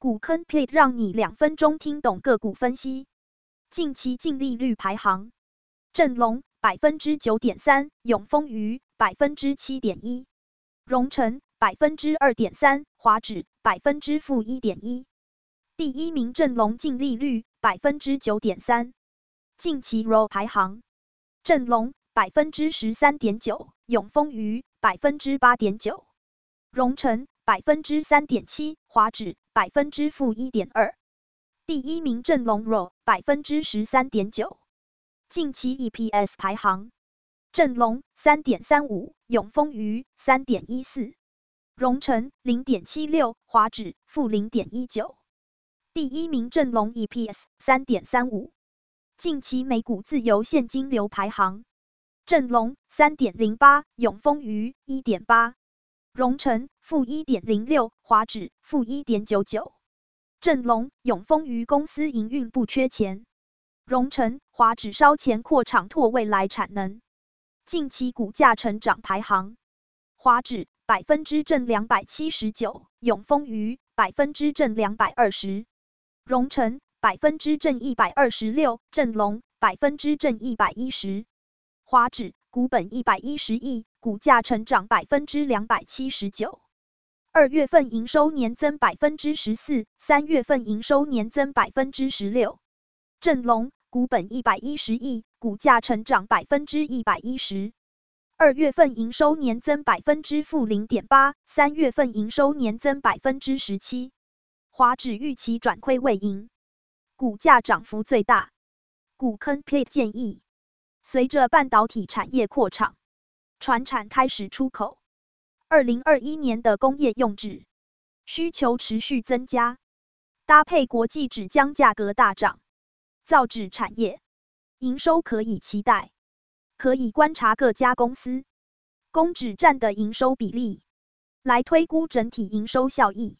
股坑可以讓你兩分鐘聽懂個股分析。近期淨利率排行：正隆百分之九點三，永豐餘百分之七點一，榮成百分之二點三，華紙百分之負一點一。第一名正隆淨利率百分之九點三。近期 ROE 排行：正隆百分之十三點九，永豐餘百分之八點九，榮成。百分之三點七，華紙百分之負一點二。第一名正隆，ROE 百分之十三點九。近期 EPS 排行：正隆三點三五，35, 永豐餘三點一四，榮成零點七六，76, 華紙負零點一九。第一名正隆 EPS 三點三五。近期每股自由現金流排行：正隆三點零八，08, 永豐餘一點八，榮成。負一點零六，華紙負一點九九，正隆永豐餘公司營運不缺錢，榮成華紙燒錢擴廠拓未來產能。近期股價成長排行，華紙百分之正兩百七十九，永豐餘百分之正兩百二十，榮成百分之正一百二十六，正隆百分之正一百一十，華紙股本一百一十億，股價成長百分之兩百七十九。二月份營收年增百分之十四，三月份營收年增百分之十六。正隆股本一百一十億，股價成長百分之一百一十。二月份營收年增百分之負零點八，三月份營收年增百分之十七。華紙預期轉虧為盈，股價漲幅最大。股坑 Pit 建議，隨着半導體產業擴廠，傳產開始出口。二零二一年的工業用紙需求持續增加，搭配國際紙漿價格大漲，造紙產業營收可以期待。可以觀察各家公司工紙佔的營收比例，來推估整體營收效益。